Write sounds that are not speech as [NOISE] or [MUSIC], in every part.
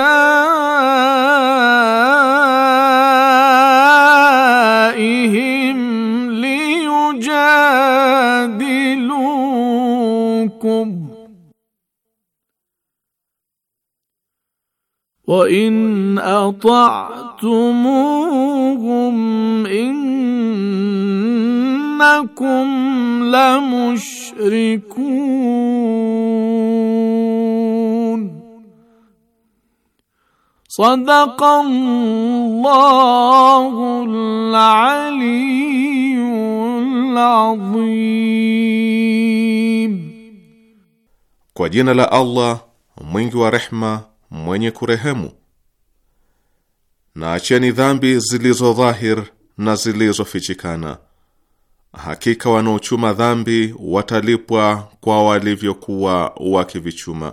أوليائهم ليجادلوكم وإن أطعتموهم إنكم لمشركون صدق الله العلي العظيم Kwa jina la Allah mwingi wa rehma mwenye kurehemu. Na acheni dhambi zilizo dhahir na zilizofichikana. Hakika wanaochuma dhambi watalipwa kwa walivyokuwa wakivichuma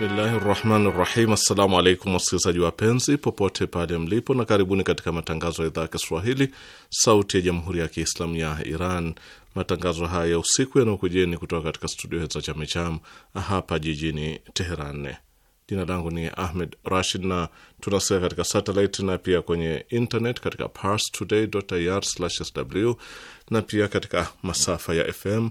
Bismillahi rahmani rahim. Assalamu alaikum wasikilizaji wapenzi popote pale mlipo, na karibuni katika matangazo ya idhaa ya Kiswahili sauti ya jamhuri ya Kiislamu ya Iran. Matangazo haya ya usiku yanaokujeni kutoka katika studio za Chamicham hapa jijini Teheran. Jina langu ni Ahmed Rashid na tunasikia katika satellite na pia kwenye internet katika parstoday.ir/sw na pia katika masafa ya FM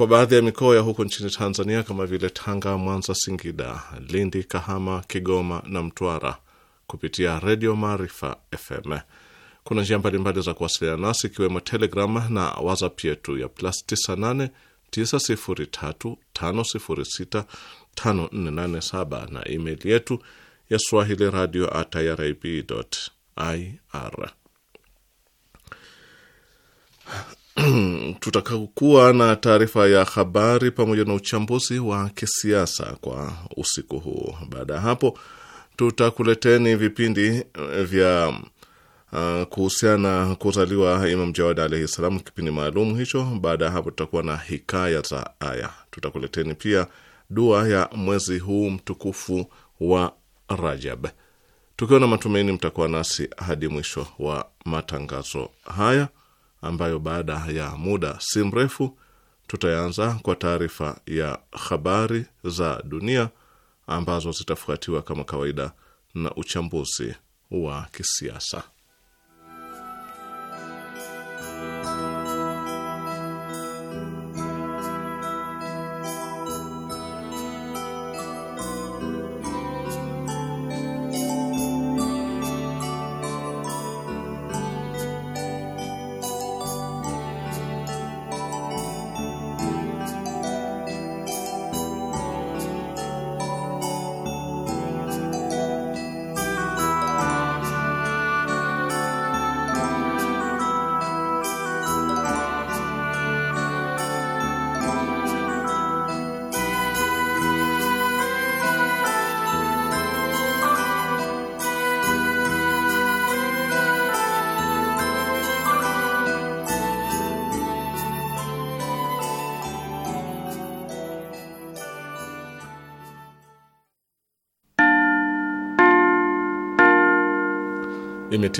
kwa baadhi ya mikoa ya huko nchini Tanzania kama vile Tanga, Mwanza, Singida, Lindi, Kahama, Kigoma na Mtwara kupitia Redio Maarifa FM. Kuna njia mbalimbali za kuwasiliana nasi ikiwemo Telegram na WhatsApp yetu ya plus 98 na email yetu ya swahili radio at irib ir. [CLEARS THROAT] tutakuwa na taarifa ya habari pamoja na uchambuzi wa kisiasa kwa usiku huu. Baada ya hapo, tutakuleteni vipindi eh, vya uh, kuhusiana na kuzaliwa Imam Jawad alaihi salam, kipindi maalum hicho. Baada ya hapo, tutakuwa na hikaya za aya. Tutakuleteni pia dua ya mwezi huu mtukufu wa Rajab, tukiwa na matumaini mtakuwa nasi hadi mwisho wa matangazo haya ambayo baada ya muda si mrefu tutaanza kwa taarifa ya habari za dunia ambazo zitafuatiwa kama kawaida na uchambuzi wa kisiasa.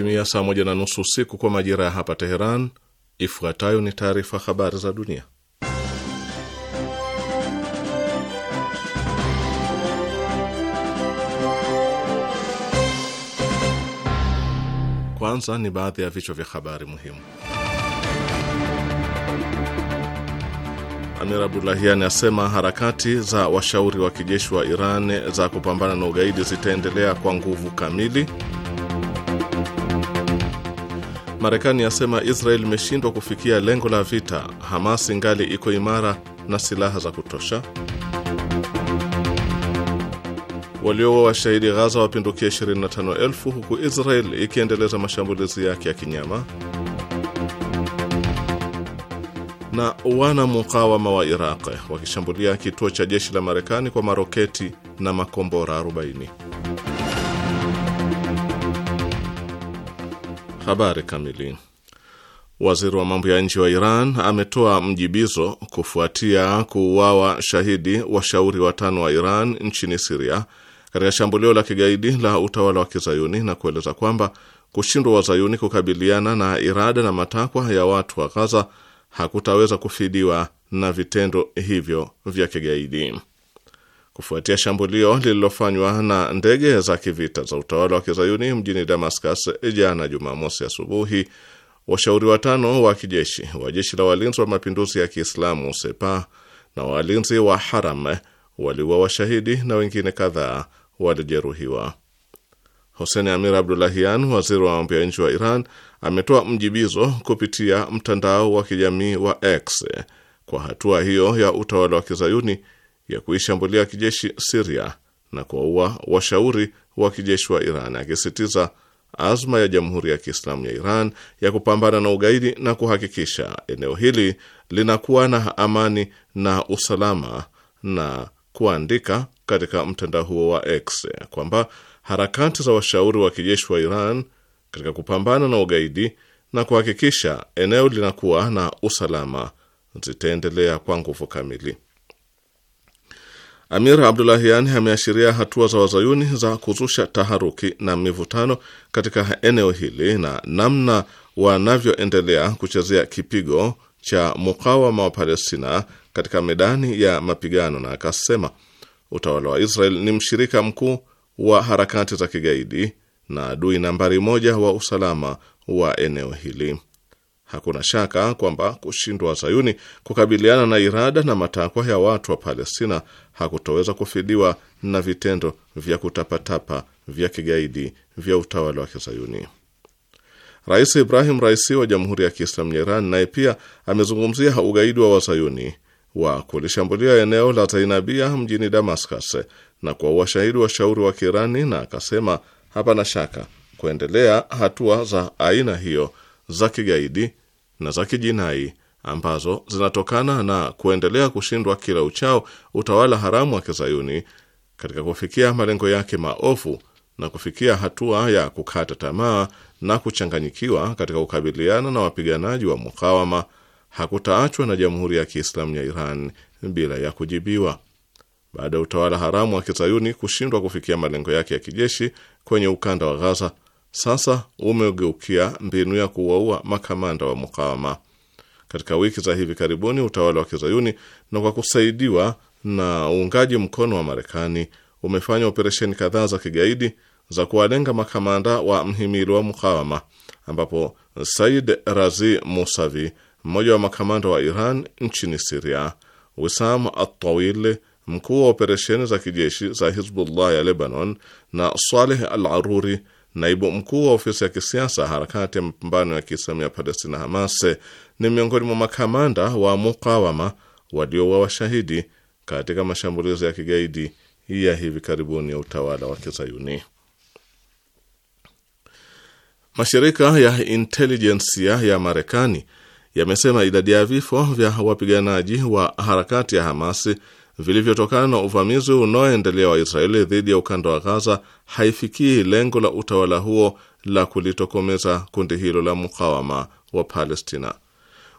imetimia saa moja na nusu usiku kwa majira ya hapa Teheran. Ifuatayo ni taarifa habari za dunia. Kwanza ni baadhi ya vichwa vya habari muhimu. Amir Abdulahian asema harakati za washauri wa kijeshi wa Iran za kupambana na ugaidi zitaendelea kwa nguvu kamili. Marekani yasema Israel imeshindwa kufikia lengo la vita, Hamas ingali iko imara na silaha za kutosha. walioua washahidi Ghaza wapindukia 25,000 huku Israel ikiendeleza mashambulizi yake ya kinyama. Na wana mukawama wa Iraq wakishambulia kituo cha jeshi la Marekani kwa maroketi na makombora 40. Habari kamili. Waziri wa mambo ya nje wa Iran ametoa mjibizo kufuatia kuuawa shahidi washauri watano wa Iran nchini Siria katika shambulio la kigaidi la utawala wa Kizayuni na kueleza kwamba kushindwa Wazayuni kukabiliana na irada na matakwa ya watu wa Ghaza hakutaweza kufidiwa na vitendo hivyo vya kigaidi kufuatia shambulio lililofanywa na ndege za kivita za utawala wa kizayuni mjini Damascus jana Jumamosi asubuhi, washauri watano wa kijeshi wa jeshi la walinzi wa mapinduzi ya Kiislamu Sepa na walinzi wa haram waliwa washahidi na wengine kadhaa walijeruhiwa. hosen Amir Abdulahian, waziri wa mambo ya nje wa Iran, ametoa mjibizo kupitia mtandao wa kijamii wa X kwa hatua hiyo ya utawala wa kizayuni ya kuishambulia kijeshi Siria na kuwaua washauri wa kijeshi wa Iran, akisitiza azma ya Jamhuri ya Kiislamu ya Iran ya kupambana na ugaidi na kuhakikisha eneo hili linakuwa na amani na usalama, na kuandika katika mtandao huo wa X kwamba harakati za washauri wa kijeshi wa Iran katika kupambana na ugaidi na kuhakikisha eneo linakuwa na usalama zitaendelea kwa nguvu kamili. Amir Abdulahian ameashiria hatua za wazayuni za kuzusha taharuki na mivutano katika eneo hili na namna wanavyoendelea kuchezea kipigo cha mukawama wa Palestina katika medani ya mapigano, na akasema utawala wa Israel ni mshirika mkuu wa harakati za kigaidi na adui nambari moja wa usalama wa eneo hili. Hakuna shaka kwamba kushindwa wazayuni kukabiliana na irada na matakwa ya watu wa Palestina hakutoweza kufidiwa na vitendo vya kutapatapa vya kigaidi vya utawala wa kizayuni. Rais Ibrahim Raisi wa Jamhuri ya Kiislamu ya Iran naye pia amezungumzia ugaidi wa wazayuni wa kulishambulia eneo la Zainabia mjini Damascus na kwa washahidi washauri wa Kirani, na akasema hapana shaka kuendelea hatua za aina hiyo za kigaidi na za kijinai ambazo zinatokana na kuendelea kushindwa kila uchao utawala haramu wa kizayuni katika kufikia malengo yake maofu na kufikia hatua ya kukata tamaa na kuchanganyikiwa katika kukabiliana na wapiganaji wa mukawama hakutaachwa na Jamhuri ya Kiislamu ya Iran bila ya kujibiwa. Baada ya utawala haramu wa kizayuni kushindwa kufikia malengo yake ya kijeshi kwenye ukanda wa Ghaza, sasa umegeukia mbinu ya kuwaua makamanda wa mukawama. Katika wiki za hivi karibuni, utawala wa kizayuni na kwa kusaidiwa na uungaji mkono wa Marekani umefanya operesheni kadhaa za kigaidi za kuwalenga makamanda wa mhimili wa mukawama, ambapo Said Razi Musavi, mmoja wa makamanda wa Iran nchini Siria, Wisam Atawil, mkuu wa operesheni za kijeshi za Hizbullah ya Lebanon, na Saleh Al Aruri Naibu mkuu wa ofisi ya kisiasa harakati ya mapambano ya kiislamu ya Palestina, Hamas, ni miongoni mwa makamanda wa mukawama waliowa washahidi katika mashambulizi ya kigaidi ya hivi karibuni ya utawala wa Kizayuni. Mashirika ya intelijensia ya Marekani yamesema idadi ya vifo vya wapiganaji wa harakati ya Hamasi vilivyotokana na uvamizi unaoendelea wa Israeli dhidi ya ukanda wa Ghaza haifikii lengo la utawala huo la kulitokomeza kundi hilo la mukawama wa Palestina.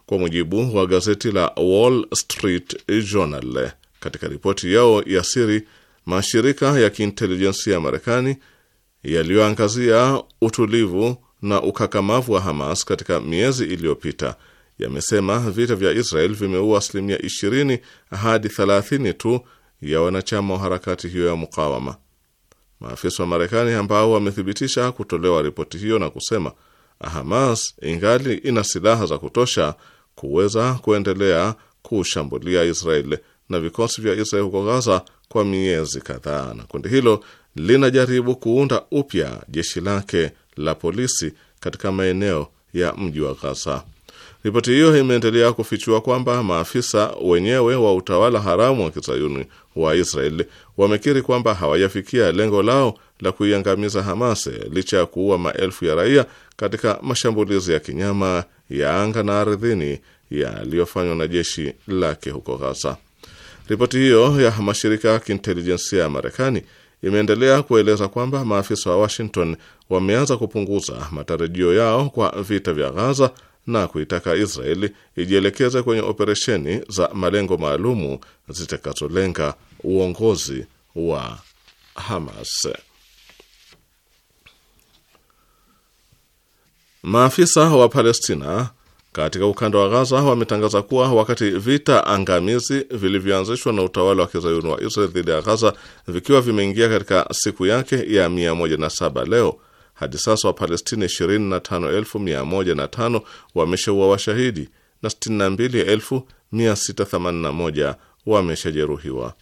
Kwa mujibu wa gazeti la Wall Street Journal, katika ripoti yao ya siri, mashirika ya kiintelijensia ya Marekani yaliyoangazia utulivu na ukakamavu wa Hamas katika miezi iliyopita yamesema vita vya Israel vimeua asilimia 20 hadi 30 tu ya wanachama wa harakati hiyo ya mukawama. Maafisa wa Marekani ambao wamethibitisha kutolewa ripoti hiyo na kusema Hamas ingali ina silaha za kutosha kuweza kuendelea kushambulia Israel na vikosi vya Israel huko Gaza kwa miezi kadhaa, na kundi hilo linajaribu kuunda upya jeshi lake la polisi katika maeneo ya mji wa Gaza. Ripoti hiyo imeendelea kufichua kwamba maafisa wenyewe wa utawala haramu wa kizayuni wa Israel wamekiri kwamba hawajafikia lengo lao la kuiangamiza Hamas licha ya kuua maelfu ya raia katika mashambulizi ya kinyama ya anga na ardhini yaliyofanywa na jeshi lake huko ghaza Ripoti hiyo ya mashirika ya kiintelijensia ya Marekani imeendelea kueleza kwamba maafisa wa Washington wameanza kupunguza matarajio yao kwa vita vya ghaza na kuitaka Israeli ijielekeze kwenye operesheni za malengo maalumu zitakazolenga uongozi wa Hamas. Maafisa wa Palestina katika ukanda wa Gaza wametangaza kuwa wakati vita angamizi vilivyoanzishwa na utawala wa kizayuni wa Israel dhidi ya Gaza vikiwa vimeingia katika siku yake ya 107 leo hadi sasa Wapalestina 25105 wameshaua washahidi na 62681 wameshajeruhiwa.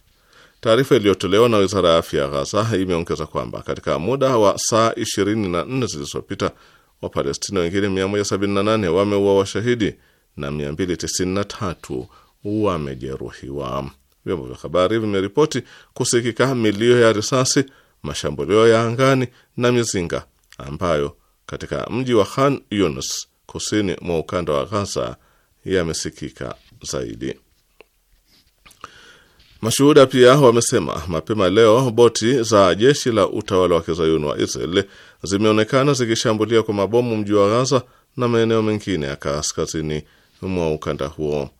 Taarifa iliyotolewa na wizara ya afya ya Ghaza imeongeza kwamba katika muda wa saa 24 zilizopita Wapalestina wengine 178 wameua washahidi na 293 wamejeruhiwa. Vyombo vya habari vimeripoti kusikika milio ya risasi, mashambulio ya angani na mizinga ambayo katika mji wa Khan Yunus kusini mwa ukanda wa Ghaza yamesikika zaidi. Mashuhuda pia wamesema mapema leo boti za jeshi la utawala wa kizayuni wa Israel zimeonekana zikishambulia kwa mabomu mji wa Ghaza na maeneo mengine ya kaskazini mwa ukanda huo.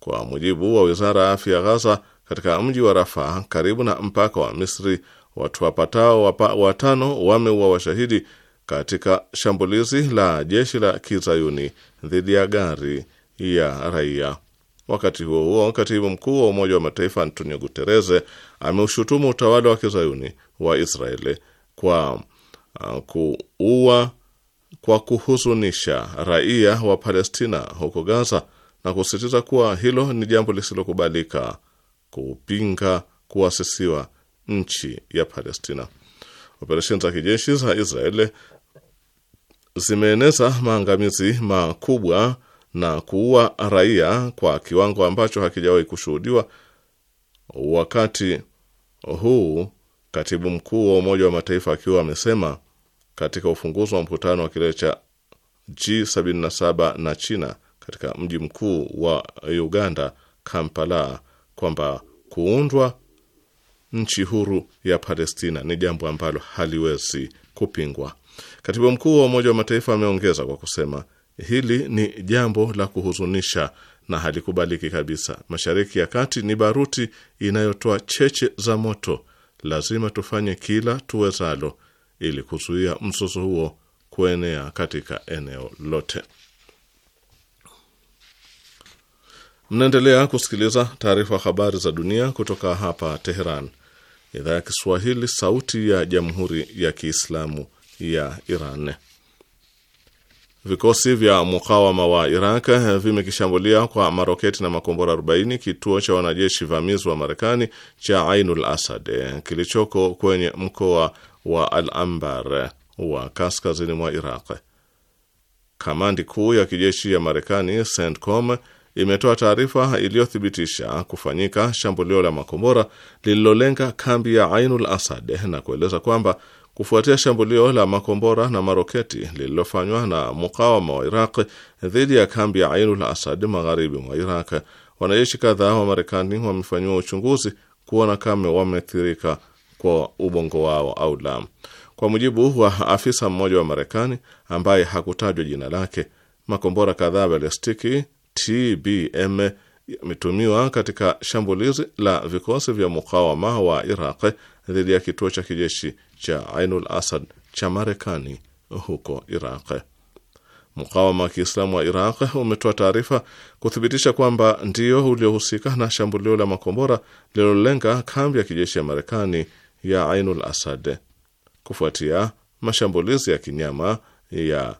Kwa mujibu wa wizara ya afya ya Ghaza, katika mji wa Rafaa karibu na mpaka wa Misri watu wapatao wapa, watano wameua washahidi katika shambulizi la jeshi la kizayuni dhidi ya gari ya raia. Wakati huo huo, katibu mkuu wa Umoja wa Mataifa Antonio Guterres ameushutumu utawala wa kizayuni wa Israeli kwa uh, kuua kwa kuhuzunisha raia wa Palestina huko Gaza na kusisitiza kuwa hilo ni jambo lisilokubalika kupinga kuasisiwa nchi ya Palestina. Operesheni za kijeshi za Israeli zimeeneza maangamizi makubwa na kuua raia kwa kiwango ambacho hakijawahi kushuhudiwa wakati huu, katibu mkuu wa Umoja wa Mataifa akiwa amesema katika ufunguzi wa mkutano wa kilele cha G77 na China katika mji mkuu wa Uganda, Kampala, kwamba kuundwa nchi huru ya Palestina ni jambo ambalo haliwezi kupingwa. Katibu mkuu wa Umoja wa Mataifa ameongeza kwa kusema, hili ni jambo la kuhuzunisha na halikubaliki kabisa. Mashariki ya Kati ni baruti inayotoa cheche za moto. Lazima tufanye kila tuwezalo ili kuzuia mzozo huo kuenea katika eneo lote. Mnaendelea kusikiliza taarifa habari za dunia kutoka hapa Teheran, idhaa ya Kiswahili, sauti ya jamhuri ya kiislamu ya Iran. Vikosi vya mukawama wa Iraq vimekishambulia kwa maroketi na makombora 40 kituo cha wanajeshi vamizi wa Marekani cha Ainul Asad kilichoko kwenye mkoa wa Al ambar wa kaskazini mwa Iraq. Kamandi kuu ya kijeshi ya Marekani CENTCOM imetoa taarifa iliyothibitisha kufanyika shambulio la makombora lililolenga kambi ya Ainul Asad na kueleza kwamba kufuatia shambulio la makombora na maroketi lililofanywa na mukawama wa Iraq dhidi ya kambi ya Ainul Asad magharibi mwa Iraq, wanajeshi kadhaa wa Marekani wamefanyiwa uchunguzi kuona kama wameathirika kwa ubongo wao au la. Kwa mujibu wa afisa mmoja wa Marekani ambaye hakutajwa jina lake, makombora kadhaa balistiki TBM yametumiwa katika shambulizi la vikosi vya mukawama wa Iraq dhidi ya kituo cha kijeshi cha Ainul Asad cha Marekani huko Iraq. Mukawama wa Kiislamu wa Iraq umetoa taarifa kuthibitisha kwamba ndio uliohusika na shambulio la makombora lililolenga kambi ya kijeshi ya Marekani ya Ainul Asad kufuatia mashambulizi ya kinyama ya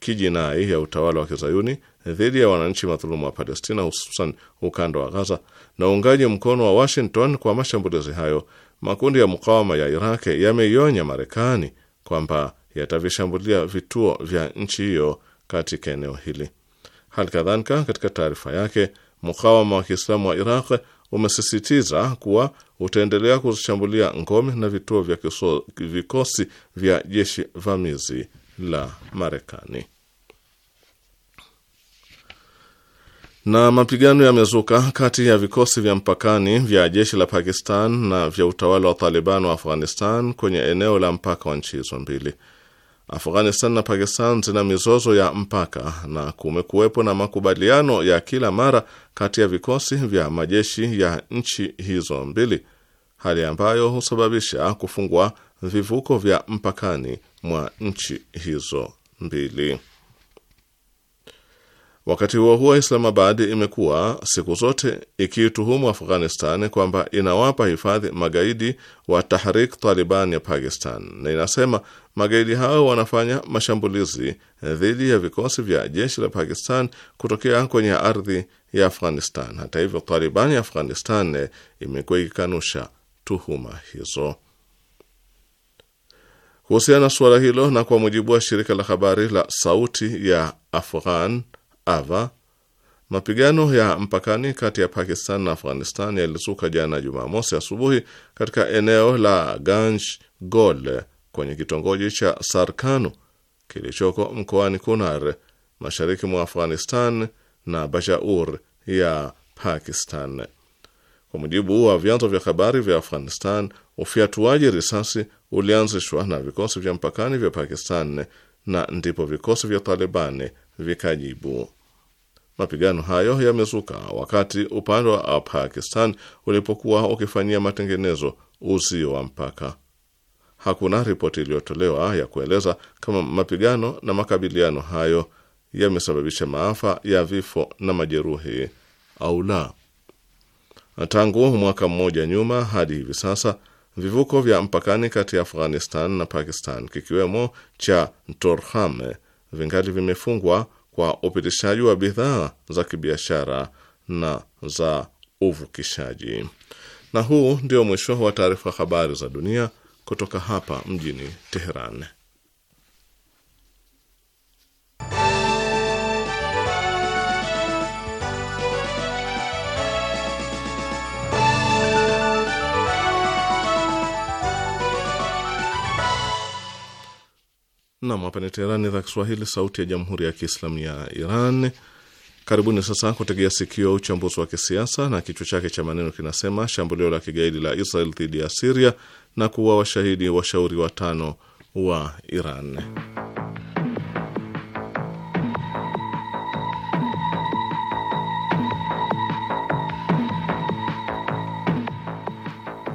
kijinai ya utawala wa kizayuni dhidi ya wananchi madhulumu wa Palestina, hususan ukanda wa Gaza, na uungaji mkono wa Washington kwa mashambulizi hayo, makundi ya mukawama ya Iraq yameionya Marekani kwamba yatavishambulia vituo vya nchi hiyo katika eneo hili. Hali kadhalika, katika taarifa yake, mukawama wa Kiislamu wa Iraq umesisitiza kuwa utaendelea kuzishambulia ngome na vituo vya kiso, vikosi vya jeshi vamizi la Marekani. na mapigano yamezuka kati ya vikosi vya mpakani vya jeshi la Pakistan na vya utawala wa Taliban wa Afghanistan kwenye eneo la mpaka wa nchi hizo mbili. Afghanistan na Pakistan zina mizozo ya mpaka na kumekuwepo na makubaliano ya kila mara kati ya vikosi vya majeshi ya nchi hizo mbili, hali ambayo husababisha kufungwa vivuko vya mpakani mwa nchi hizo mbili. Wakati huo huo, Islamabad imekuwa siku zote ikiituhumu Afghanistan kwamba inawapa hifadhi magaidi wa Tahrik Taliban ya Pakistan, na inasema magaidi hao wanafanya mashambulizi dhidi ya vikosi vya jeshi la Pakistan kutokea kwenye ardhi ya Afghanistan. Hata hivyo, Taliban ya Afghanistan imekuwa ikikanusha tuhuma hizo. Kuhusiana na suala hilo, na kwa mujibu wa shirika la habari la Sauti ya Afghan Ava. Mapigano ya mpakani kati ya Pakistan na Afghanistan yalizuka jana Jumamosi asubuhi katika eneo la Ganj Gol kwenye kitongoji cha Sarkanu kilichoko mkoani Kunar mashariki mwa Afghanistan na Bajaur ya Pakistan. Kwa mujibu wa vyanzo vya habari vya Afghanistan, ufyatuaji risasi ulianzishwa na vikosi vya mpakani vya Pakistan na ndipo vikosi vya Taliban vikajibu. Mapigano hayo yamezuka wakati upande wa Pakistan ulipokuwa ukifanyia matengenezo uzio wa mpaka. Hakuna ripoti iliyotolewa ya kueleza kama mapigano na makabiliano hayo yamesababisha maafa ya vifo na majeruhi au la. Tangu mwaka mmoja nyuma hadi hivi sasa vivuko vya mpakani kati ya Afghanistan na Pakistan kikiwemo cha Torham vingali vimefungwa kwa upitishaji wa bidhaa za kibiashara na za uvukishaji. Na huu ndio mwisho wa taarifa habari za dunia kutoka hapa mjini Teheran. Nam, hapa ni Teherani, idhaa Kiswahili, sauti ya jamhuri ya kiislamu ya Iran. Karibuni sasa kutegea sikio uchambuzi wa kisiasa na kichwa chake cha maneno kinasema: shambulio la kigaidi la Israel dhidi ya Siria na kuwa washahidi washauri watano wa Iran.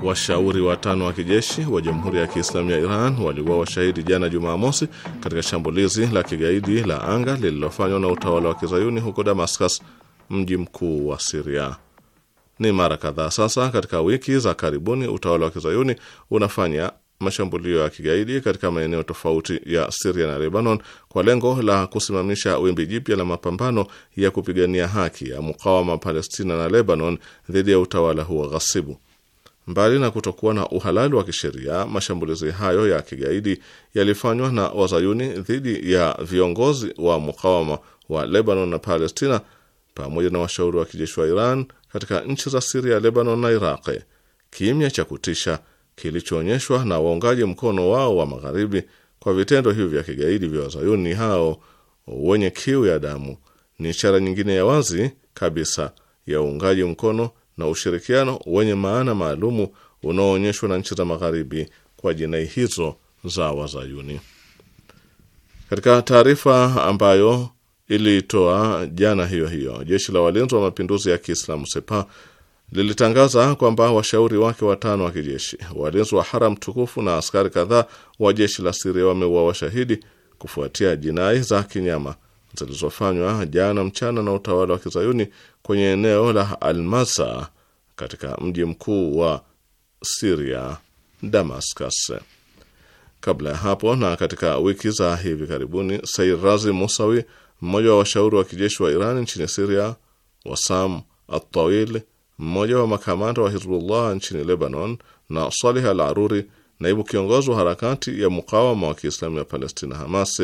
washauri watano wa kijeshi wa Jamhuri ya Kiislamu ya Iran walikuwa washahidi jana Jumamosi katika shambulizi la kigaidi la anga lililofanywa na utawala wa kizayuni huko Damascus, mji mkuu wa Siria. Ni mara kadhaa sasa katika wiki za karibuni utawala wa kizayuni unafanya mashambulio ya kigaidi katika maeneo tofauti ya Siria na Lebanon kwa lengo la kusimamisha wimbi jipya la mapambano ya kupigania haki ya mukawama Palestina na Lebanon dhidi ya utawala huo ghasibu. Mbali na kutokuwa na uhalali wa kisheria, mashambulizi hayo ya kigaidi yalifanywa na wazayuni dhidi ya viongozi wa mukawama wa Lebanon na Palestina pamoja na washauri wa kijeshi wa Iran katika nchi za Siria, Lebanon na Iraqi. Kimya cha kutisha kilichoonyeshwa na waungaji mkono wao wa magharibi kwa vitendo hivyo vya kigaidi vya wazayuni hao wenye kiu ya damu ni ishara nyingine ya wazi kabisa ya uungaji mkono na ushirikiano wenye maana maalumu unaoonyeshwa na nchi za Magharibi kwa jinai hizo za Wazayuni. Katika taarifa ambayo ilitoa jana hiyo hiyo, jeshi la walinzi wa mapinduzi ya Kiislamu Sepa lilitangaza kwamba washauri wake watano wa kijeshi, walinzi wa haram tukufu na askari kadhaa wa jeshi la Siria wameuawa washahidi kufuatia jinai za kinyama zilizofanywa jana mchana na utawala wa kizayuni kwenye eneo la Almasa katika mji mkuu wa Siria, Damascus. Kabla ya hapo na katika wiki za hivi karibuni, Said Razi Musawi, mmoja wa washauri wa kijeshi wa Iran nchini Siria, Wasam Atawil, mmoja wa makamanda wa Hizbullah nchini Lebanon, na Salih Al Aruri, naibu kiongozi wa harakati ya mukawama wa Kiislamu ya Palestina, Hamas,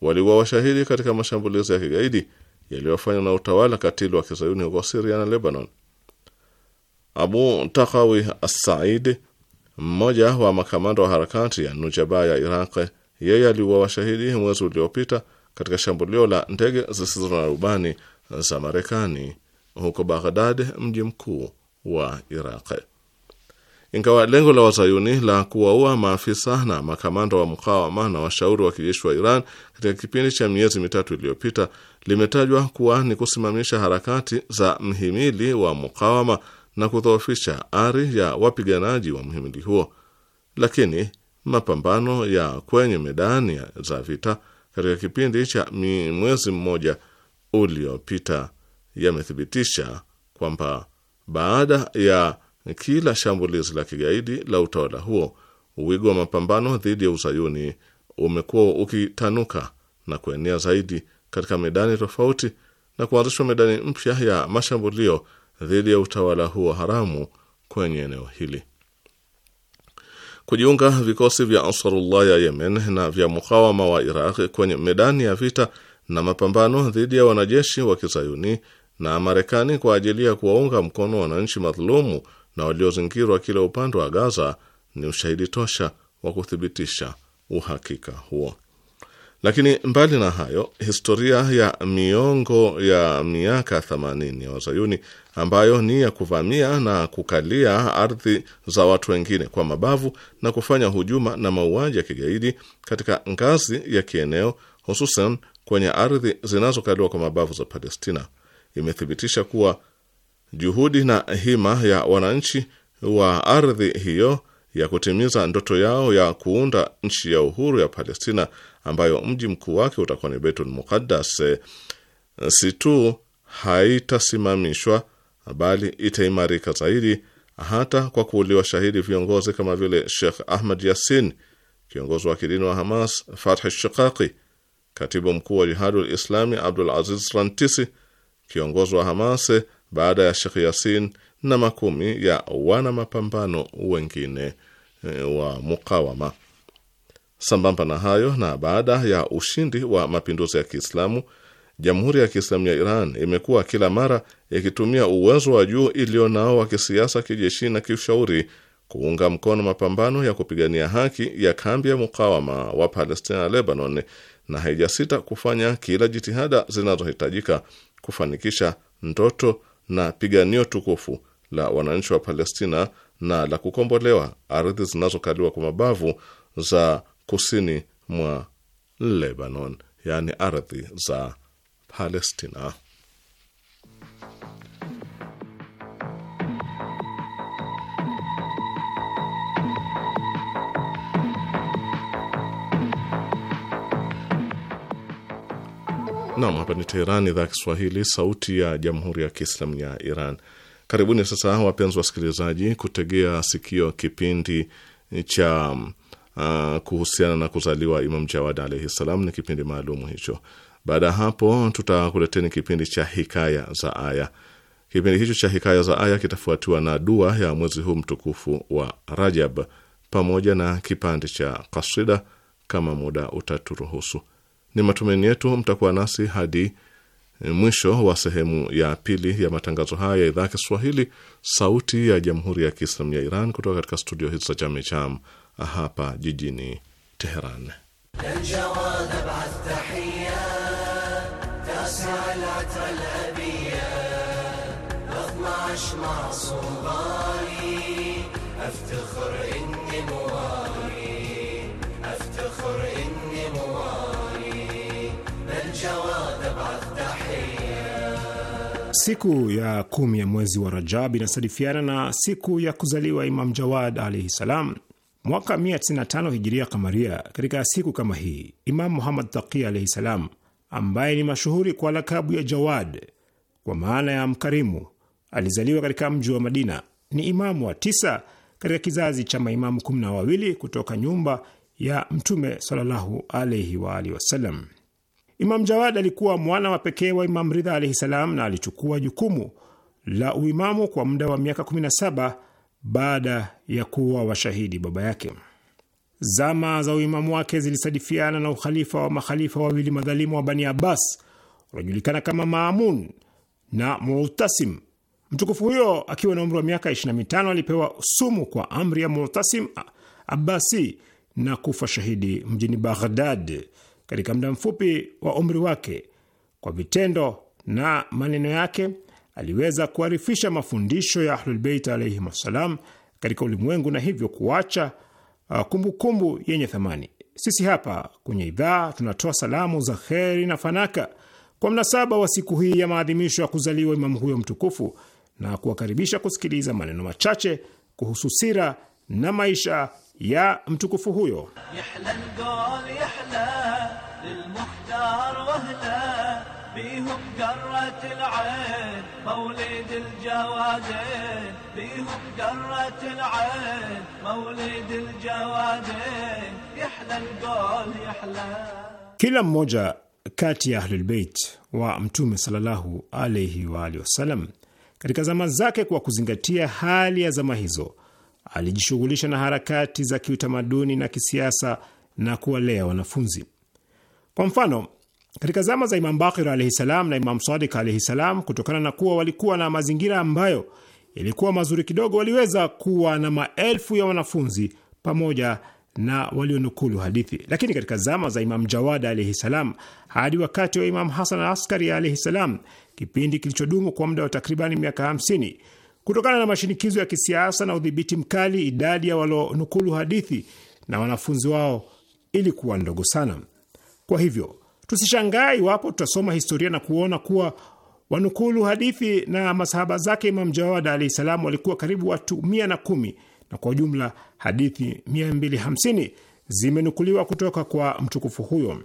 waliwa washahidi katika mashambulizi ya kigaidi yaliyofanywa na utawala katili wa kizayuni huko Siria na Lebanon. Abu Takawi Assaidi, mmoja wa makamanda wa harakati ya Nujaba ya Iraq, yeye aliuawa washahidi mwezi uliopita katika shambulio la ndege zisizo na rubani za Marekani huko Baghdad, mji mkuu wa Iraq. Ingawa lengo la wazayuni la kuwaua maafisa na makamanda wa mkawama na washauri wa kijeshi wa Iran katika kipindi cha miezi mitatu iliyopita limetajwa kuwa ni kusimamisha harakati za mhimili wa mukawama na kudhoofisha ari ya wapiganaji wa mhimili huo, lakini mapambano ya kwenye medani za vita katika kipindi cha mwezi mmoja uliopita yamethibitisha kwamba baada ya kila shambulizi la kigaidi la utawala huo, uwigo wa mapambano dhidi ya uzayuni umekuwa ukitanuka na kuenea zaidi katika medani tofauti na kuanzishwa medani mpya ya mashambulio dhidi ya utawala huo haramu kwenye eneo hili. Kujiunga vikosi vya Ansarullah ya Yemen na vya mukawama wa Iraq kwenye medani ya vita na mapambano dhidi ya wanajeshi wa kizayuni na Marekani kwa ajili ya kuwaunga mkono wananchi madhulumu na waliozingirwa kila upande wa Gaza ni ushahidi tosha wa kuthibitisha uhakika huo. Lakini mbali na hayo, historia ya miongo ya miaka 80 ya Wazayuni ambayo ni ya kuvamia na kukalia ardhi za watu wengine kwa mabavu na kufanya hujuma na mauaji ya kigaidi katika ngazi ya kieneo, hususan kwenye ardhi zinazokaliwa kwa mabavu za Palestina, imethibitisha kuwa Juhudi na hima ya wananchi wa ardhi hiyo ya kutimiza ndoto yao ya kuunda nchi ya uhuru ya Palestina ambayo mji mkuu wake utakuwa ni Beitul Muqaddas, si tu haitasimamishwa bali itaimarika zaidi, hata kwa kuuliwa shahidi viongozi kama vile Sheikh Ahmad Yasin, kiongozi wa kidini wa Hamas Fathi Shiqaqi, katibu mkuu wa Jihadul Islami Abdul Aziz Rantisi, kiongozi wa Hamas baada ya Sheikh Yasin na makumi ya wana mapambano wengine e, wa mukawama. Sambamba na hayo, na baada ya ushindi wa mapinduzi ya Kiislamu, Jamhuri ya Kiislamu ya Iran imekuwa kila mara ikitumia uwezo wa juu iliyo nao wa kisiasa, kijeshi na kiushauri kuunga mkono mapambano ya kupigania haki ya kambi ya mukawama wa Palestina na Lebanon, na haijasita kufanya kila jitihada zinazohitajika kufanikisha ndoto na piganio tukufu la wananchi wa Palestina na la kukombolewa ardhi zinazokaliwa kwa mabavu za kusini mwa Lebanon, yaani ardhi za Palestina. Nam, hapa ni teheran idhaa ya Kiswahili, sauti ya jamhuri ya kiislamu ya Iran. Karibuni sasa, wapenzi wasikilizaji, kutegea sikio kipindi cha uh, kuhusiana na kuzaliwa Imam Jawad alaihi ssalam. Ni kipindi maalumu hicho. Baada ya hapo, tutakuleteni kipindi cha hikaya za aya. Kipindi hicho cha hikaya za aya kitafuatiwa na dua ya mwezi huu mtukufu wa Rajab pamoja na kipande cha kasida kama muda utaturuhusu. Ni matumaini yetu mtakuwa nasi hadi eh, mwisho wa sehemu ya pili ya matangazo haya ya idhaa ya Kiswahili, Sauti ya Jamhuri ya Kiislamu ya Iran, kutoka katika studio hizi za Chame hapa jijini Teheran. Siku ya kumi ya mwezi wa Rajab inasadifiana na siku ya kuzaliwa Imam Jawad alaihi salam. Mwaka 195 hijiria kamaria, katika siku kama hii, Imam Muhammad Taqi alaihi salam, ambaye ni mashuhuri kwa lakabu ya Jawad kwa maana ya mkarimu, alizaliwa katika mji wa Madina. Ni imamu wa tisa katika kizazi cha maimamu kumi na wawili kutoka nyumba ya Mtume sallallahu alaihi waalihi alihi wa Imam Jawad alikuwa mwana wa pekee wa Imam Ridha alaihi salam na alichukua jukumu la uimamu kwa muda wa miaka 17 baada ya kuwa washahidi baba yake. Zama za uimamu wake zilisadifiana na ukhalifa wa makhalifa wawili madhalimu wa Bani Abbas unaojulikana kama Maamun na Mutasim. Mtukufu huyo akiwa na umri wa miaka 25 alipewa sumu kwa amri ya Mutasim Abbasi na kufa shahidi mjini Baghdad katika muda mfupi wa umri wake. Kwa vitendo na maneno yake aliweza kuarifisha mafundisho ya Ahlulbeit alaihim wassalam katika ulimwengu na hivyo kuacha uh, kumbukumbu uh, kumbu yenye thamani. Sisi hapa kwenye idhaa tunatoa salamu za kheri na fanaka kwa mnasaba wa siku hii ya maadhimisho ya kuzaliwa imamu huyo mtukufu na kuwakaribisha kusikiliza maneno machache kuhusu sira na maisha ya mtukufu huyo. Kila mmoja kati ya Ahlulbeit wa Mtume sallallahu alaihi wa alihi wasallam katika zama zake, kwa kuzingatia hali ya zama hizo alijishughulisha na harakati za kiutamaduni na kisiasa na kuwalea wanafunzi. Kwa mfano, katika zama za Imam Bakir alaihi salam na Imam Sadik alaihi salam, kutokana na kuwa walikuwa na mazingira ambayo yalikuwa mazuri kidogo, waliweza kuwa na maelfu ya wanafunzi pamoja na walionukulu hadithi. Lakini katika zama za Imam Jawad alaihi salam hadi wakati wa Imam Hasan al Askari alaihi salam, kipindi kilichodumu kwa muda wa takribani miaka 50 Kutokana na mashinikizo ya kisiasa na udhibiti mkali, idadi ya walonukulu hadithi na wanafunzi wao ilikuwa ndogo sana. Kwa hivyo tusishangaa iwapo tutasoma historia na kuona kuwa wanukulu hadithi na masahaba zake Imam Jawad alahi salam walikuwa karibu watu mia na kumi na kwa ujumla hadithi mia hamsini zimenukuliwa kutoka kwa mtukufu huyo.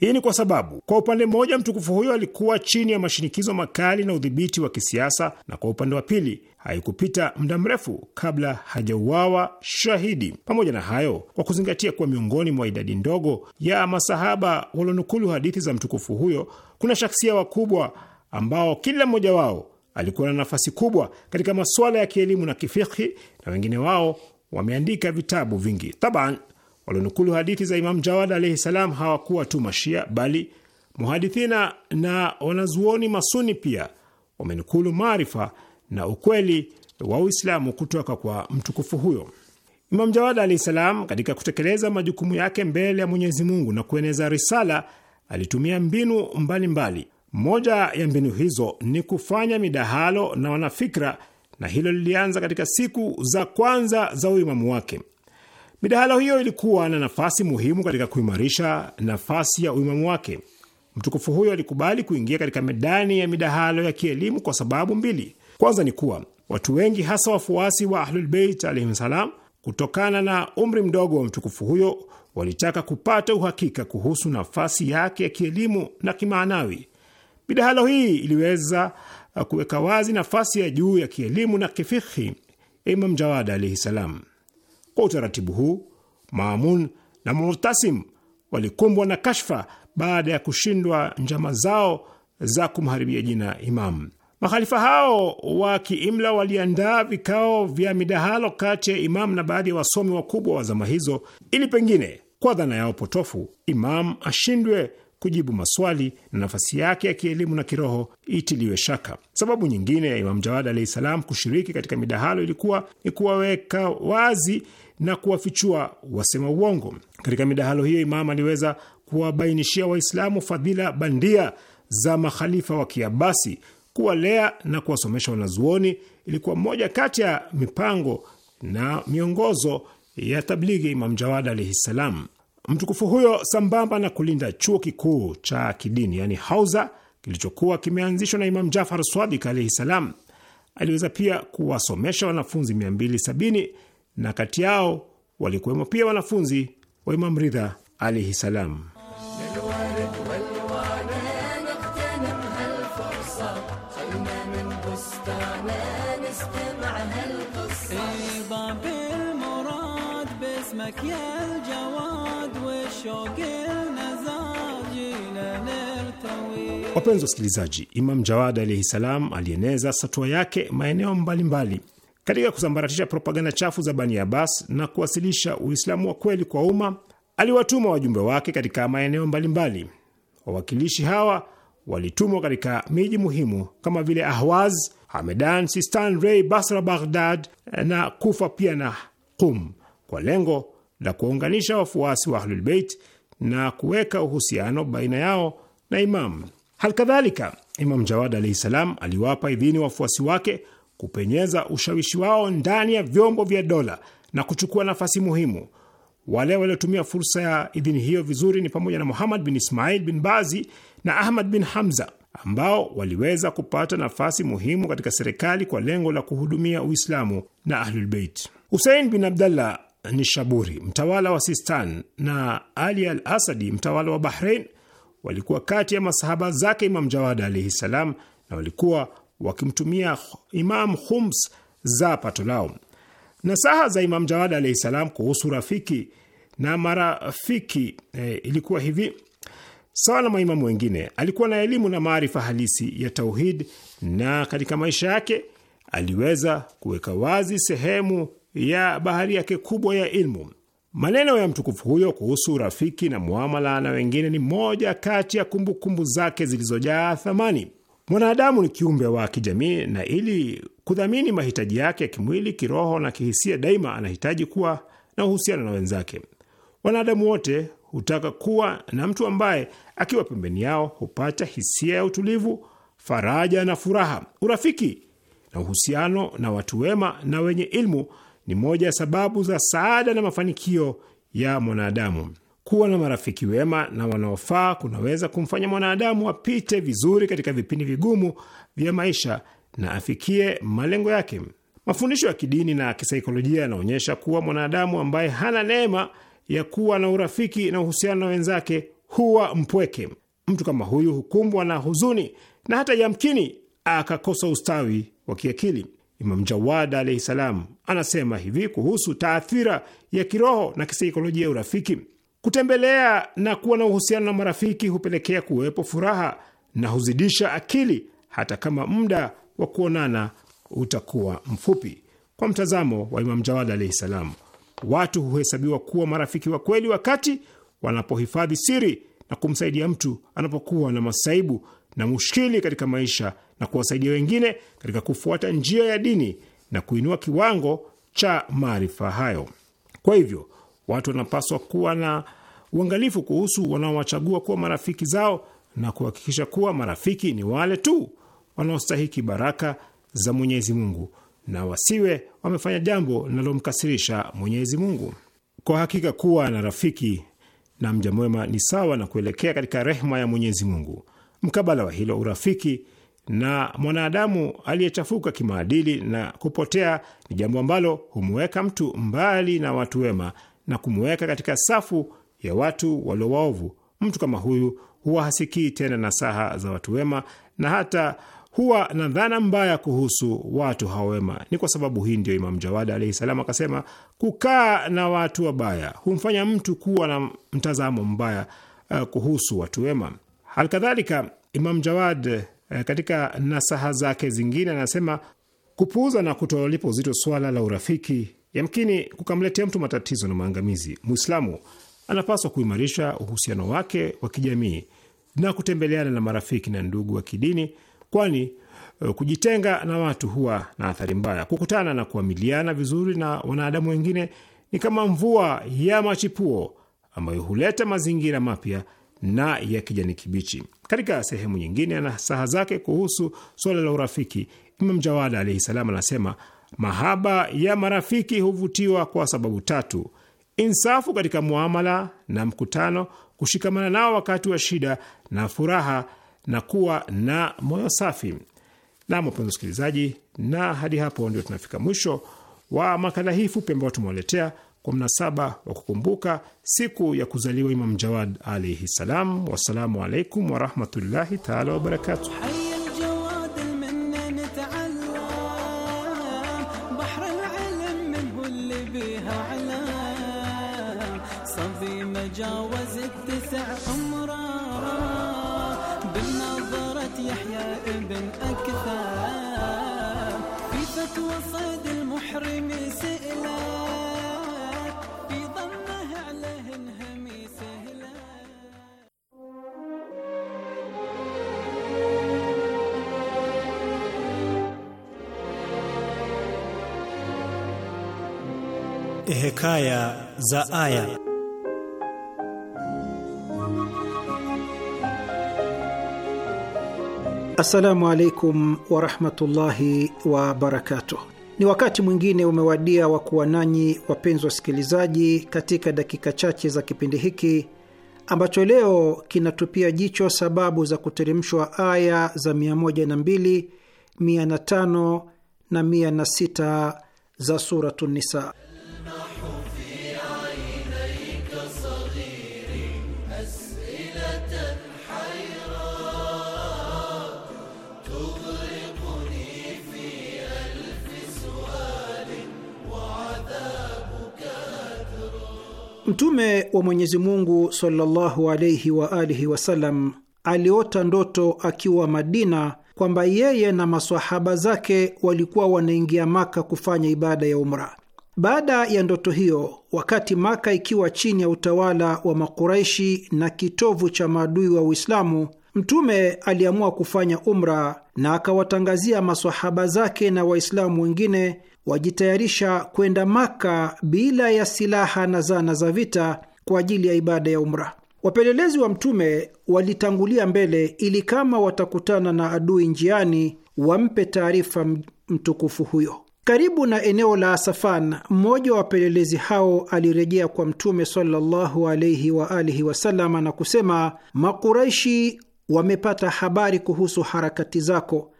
Hii ni kwa sababu kwa upande mmoja mtukufu huyo alikuwa chini ya mashinikizo makali na udhibiti wa kisiasa, na kwa upande wa pili haikupita muda mrefu kabla hajauawa shahidi. Pamoja na hayo, kwa kuzingatia kuwa miongoni mwa idadi ndogo ya masahaba walionukulu hadithi za mtukufu huyo kuna shaksia wakubwa ambao kila mmoja wao alikuwa na nafasi kubwa katika masuala ya kielimu na kifikhi, na wengine wao wameandika vitabu vingi taban Walionukulu hadithi za Imam Jawad alaihi salam hawakuwa tu Mashia bali muhadithina na wanazuoni Masuni pia wamenukulu maarifa na ukweli wa Uislamu kutoka kwa mtukufu huyo. Imam Jawad alahi salam, katika kutekeleza majukumu yake mbele ya Mwenyezi Mungu na kueneza risala, alitumia mbinu mbalimbali mbali. Moja ya mbinu hizo ni kufanya midahalo na wanafikra, na hilo lilianza katika siku za kwanza za uimamu wake. Midahalo hiyo ilikuwa na nafasi muhimu katika kuimarisha nafasi ya uimamu wake. Mtukufu huyo alikubali kuingia katika medani ya midahalo ya kielimu kwa sababu mbili. Kwanza ni kuwa watu wengi, hasa wafuasi wa Ahlulbeit alaihim salam, kutokana na umri mdogo wa mtukufu huyo, walitaka kupata uhakika kuhusu nafasi yake ya kielimu na kimaanawi. Midahalo hii iliweza uh, kuweka wazi nafasi ya juu ya kielimu na kifikhi ya Imam Jawad alaihi salam. Kwa utaratibu huu, Maamun na Murtasim walikumbwa na kashfa baada ya kushindwa njama zao za kumharibia jina Imam. Makhalifa hao wa kiimla waliandaa vikao vya midahalo kati ya Imam na baadhi ya wasomi wakubwa wa zama hizo, ili pengine, kwa dhana yao potofu, Imam ashindwe kujibu maswali na nafasi yake ya kielimu na kiroho itiliwe shaka. Sababu nyingine ya Imam Jawad alahi salam kushiriki katika midahalo ilikuwa ni kuwaweka wazi na kuwafichua wasema uongo. Katika midahalo hiyo, Imam aliweza kuwabainishia Waislamu fadhila bandia za makhalifa wa Kiabasi. Kuwalea na kuwasomesha wanazuoni ilikuwa moja kati ya mipango na miongozo ya tablighi Imam Jawad alaihi ssalam. Mtukufu huyo sambamba na kulinda chuo kikuu cha kidini yani hauza kilichokuwa kimeanzishwa na Imam Jafar Swadik alaihi ssalam, aliweza pia kuwasomesha wanafunzi 270 na kati yao walikuwemo pia wanafunzi wa Imam Ridha alaihi salam. Wapenzi wasikilizaji, Imam Jawad alaihi salam alieneza satua yake maeneo mbalimbali mbali katika kusambaratisha propaganda chafu za Bani Abbas na kuwasilisha Uislamu wa kweli kwa umma, aliwatuma wajumbe wake katika maeneo mbalimbali. Wawakilishi hawa walitumwa katika miji muhimu kama vile Ahwaz, Hamedan, Sistan, Rey, Basra, Baghdad na Kufa pia na Qum kwa lengo la kuwaunganisha wafuasi wa Ahlulbeit na kuweka uhusiano baina yao na Imam. Halikadhalika, Imam Jawad alaihi salam aliwapa idhini wafuasi wake kupenyeza ushawishi wao ndani ya vyombo vya dola na kuchukua nafasi muhimu. Wale waliotumia fursa ya idhini hiyo vizuri ni pamoja na Muhammad bin Ismail bin Bazi na Ahmad bin Hamza ambao waliweza kupata nafasi muhimu katika serikali kwa lengo la kuhudumia Uislamu na Ahlulbeit. Husein bin Abdallah Nishaburi, mtawala wa Sistan, na Ali al Asadi, mtawala wa Bahrein, walikuwa kati ya masahaba zake Imam Jawad alaihi ssalam, na walikuwa wakimtumia Imam Homs za pato lao. Nasaha za Imam Jawad alahi salam kuhusu rafiki na marafiki e, ilikuwa hivi sawa na maimamu wengine. Alikuwa na elimu na maarifa halisi ya tauhid, na katika maisha yake aliweza kuweka wazi sehemu ya bahari yake kubwa ya ilmu. Maneno ya mtukufu huyo kuhusu rafiki na muamala na wengine ni moja kati ya kumbukumbu kumbu zake zilizojaa thamani. Mwanadamu ni kiumbe wa kijamii na ili kudhamini mahitaji yake ya kimwili, kiroho na kihisia, daima anahitaji kuwa na uhusiano na wenzake. Wanadamu wote hutaka kuwa na mtu ambaye akiwa pembeni yao hupata hisia ya utulivu, faraja na furaha. Urafiki na uhusiano na watu wema na wenye ilmu ni moja ya sababu za saada na mafanikio ya mwanadamu. Kuwa na marafiki wema na wanaofaa kunaweza kumfanya mwanadamu apite vizuri katika vipindi vigumu vya maisha na afikie malengo yake. Mafundisho ya kidini na kisaikolojia yanaonyesha kuwa mwanadamu ambaye hana neema ya kuwa na urafiki na uhusiano na wenzake huwa mpweke. Mtu kama huyu hukumbwa na huzuni na hata yamkini akakosa ustawi wa kiakili. Imam Jawad alaihi salam anasema hivi kuhusu taathira ya kiroho na kisaikolojia ya urafiki: Kutembelea na kuwa na uhusiano na marafiki hupelekea kuwepo furaha na huzidisha akili, hata kama muda wa kuonana utakuwa mfupi. Kwa mtazamo wa Imam Jawad alaihi salam, watu huhesabiwa kuwa marafiki wa kweli wakati wanapohifadhi siri na kumsaidia mtu anapokuwa na masaibu na mushkili katika maisha na kuwasaidia wengine katika kufuata njia ya dini na kuinua kiwango cha maarifa hayo. Kwa hivyo watu wanapaswa kuwa na uangalifu kuhusu wanaowachagua kuwa marafiki zao na kuhakikisha kuwa marafiki ni wale tu wanaostahiki baraka za Mwenyezi Mungu na wasiwe wamefanya jambo linalomkasirisha Mwenyezi Mungu. Kwa hakika kuwa na rafiki na mja mwema ni sawa na kuelekea katika rehma ya Mwenyezi Mungu. Mkabala wa hilo, urafiki na mwanadamu aliyechafuka kimaadili na kupotea ni jambo ambalo humweka mtu mbali na watu wema na kumweka katika safu ya watu walio waovu. Mtu kama huyu huwa hasikii tena nasaha za watu wema na hata huwa na dhana mbaya kuhusu watu hao wema. Ni kwa sababu hii ndio Imam Jawad alaihi salam akasema, kukaa na watu wabaya humfanya mtu kuwa na mtazamo mbaya uh, kuhusu watu wema. Halikadhalika, Imam Jawad uh, katika nasaha zake zingine anasema, kupuuza na kutolipa uzito swala la urafiki yamkini kukamletea mtu matatizo na maangamizi. Muislamu anapaswa kuimarisha uhusiano wake wa kijamii na kutembeleana na marafiki na ndugu wa kidini, kwani eh, kujitenga na watu huwa na athari mbaya. Kukutana na kuamiliana vizuri na wanadamu wengine ni kama mvua ya machipuo ambayo huleta mazingira mapya na ya kijani kibichi. Katika sehemu nyingine ya nasaha zake kuhusu suala la urafiki, Imam Jawada alaihi salam anasema mahaba ya marafiki huvutiwa kwa sababu tatu: insafu katika muamala na mkutano, kushikamana nao wakati wa shida na furaha, na kuwa na moyo safi. Nam, wapenzi wasikilizaji, na hadi hapo ndio tunafika mwisho wa makala hii fupi ambayo tumewaletea kwa mnasaba wa kukumbuka siku ya kuzaliwa Imam Jawad alaihi salam. Wassalamu alaikum warahmatullahi taala wabarakatuh. جاوز التسع عمره بالنظرة يحيى ابن أكثر في فتوى صيد المحرم سئلة في ضمه عليه سهلة Assalamu alaikum warahmatullahi wabarakatuh. Ni wakati mwingine umewadia wa kuwa nanyi wapenzi wasikilizaji, katika dakika chache za kipindi hiki ambacho leo kinatupia jicho sababu za kuteremshwa aya za 102, 105 na 106 za Suratu Mtume wa Mwenyezi Mungu sallallahu wa alihi wasallam aliota ndoto akiwa Madina kwamba yeye na masahaba zake walikuwa wanaingia Maka kufanya ibada ya umra. Baada ya ndoto hiyo, wakati Maka ikiwa chini ya utawala wa Makuraishi na kitovu cha maadui wa Uislamu, Mtume aliamua kufanya umra na akawatangazia masahaba zake na Waislamu wengine wajitayarisha kwenda Maka bila ya silaha na zana za vita kwa ajili ya ibada ya umra. Wapelelezi wa Mtume walitangulia mbele ili kama watakutana na adui njiani wampe taarifa mtukufu huyo. Karibu na eneo la Safan, mmoja wa wapelelezi hao alirejea kwa Mtume sallallahu alaihi wa alihi wasallam na kusema, Makuraishi wamepata habari kuhusu harakati zako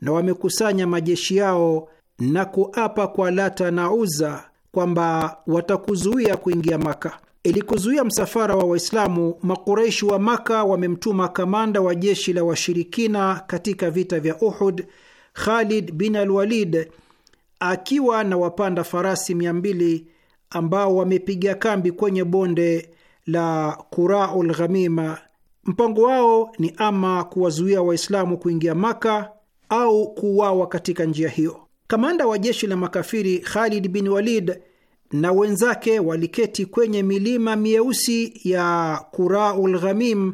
na wamekusanya majeshi yao na kuapa kwa Lata na Uza kwamba watakuzuia kuingia Maka. Ili kuzuia msafara wa Waislamu, Makuraishi wa Maka wamemtuma kamanda wa jeshi la washirikina katika vita vya Uhud, Khalid bin Alwalid, walid akiwa na wapanda farasi mia mbili ambao wamepiga kambi kwenye bonde la Kuraul Ghamima. Mpango wao ni ama kuwazuia Waislamu kuingia Maka au kuuawa katika njia hiyo. Kamanda wa jeshi la makafiri Khalid bin Walid na wenzake waliketi kwenye milima mieusi ya Quraul Ghamim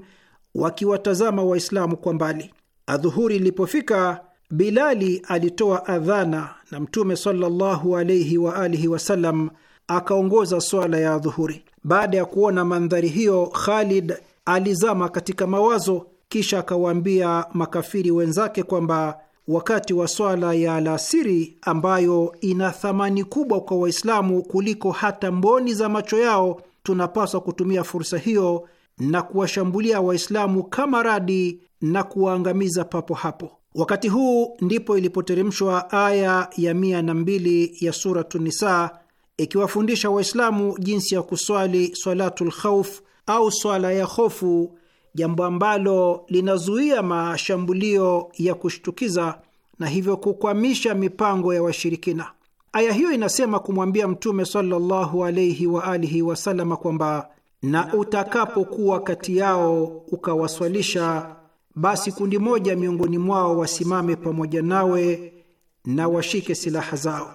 wakiwatazama Waislamu kwa mbali. Adhuhuri ilipofika, Bilali alitoa adhana na Mtume sallallahu wa alihi wasallam akaongoza swala ya adhuhuri. Baada ya kuona mandhari hiyo, Khalid alizama katika mawazo, kisha akawaambia makafiri wenzake kwamba wakati wa swala ya alasiri ambayo ina thamani kubwa kwa Waislamu kuliko hata mboni za macho yao, tunapaswa kutumia fursa hiyo na kuwashambulia Waislamu kama radi na kuwaangamiza papo hapo. Wakati huu ndipo ilipoteremshwa aya ya mia na mbili ya Suratu ikiwafundisha Waislamu jinsi ya kuswali swalatul khauf au swala ya hofu jambo ambalo linazuia mashambulio ya kushtukiza na hivyo kukwamisha mipango ya washirikina. Aya hiyo inasema kumwambia Mtume sallallahu alaihi wa alihi wasalama kwamba na utakapokuwa kati yao ukawaswalisha, basi kundi moja miongoni mwao wasimame pamoja nawe na washike silaha zao,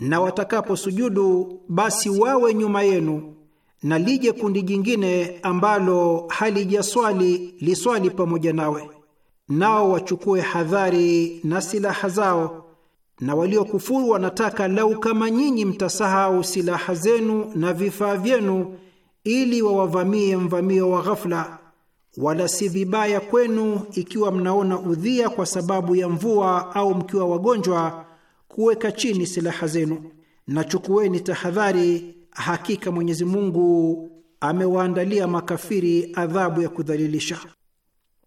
na watakaposujudu basi wawe nyuma yenu na lije kundi jingine ambalo halijaswali liswali pamoja nawe, nao wachukue hadhari na silaha zao, na waliokufuru wanataka lau kama nyinyi mtasahau silaha zenu na vifaa vyenu, ili wawavamie mvamio wa ghafla, wala si vibaya kwenu ikiwa mnaona udhia kwa sababu ya mvua au mkiwa wagonjwa kuweka chini silaha zenu, na chukueni tahadhari Hakika Mwenyezi Mungu amewaandalia makafiri adhabu ya kudhalilisha.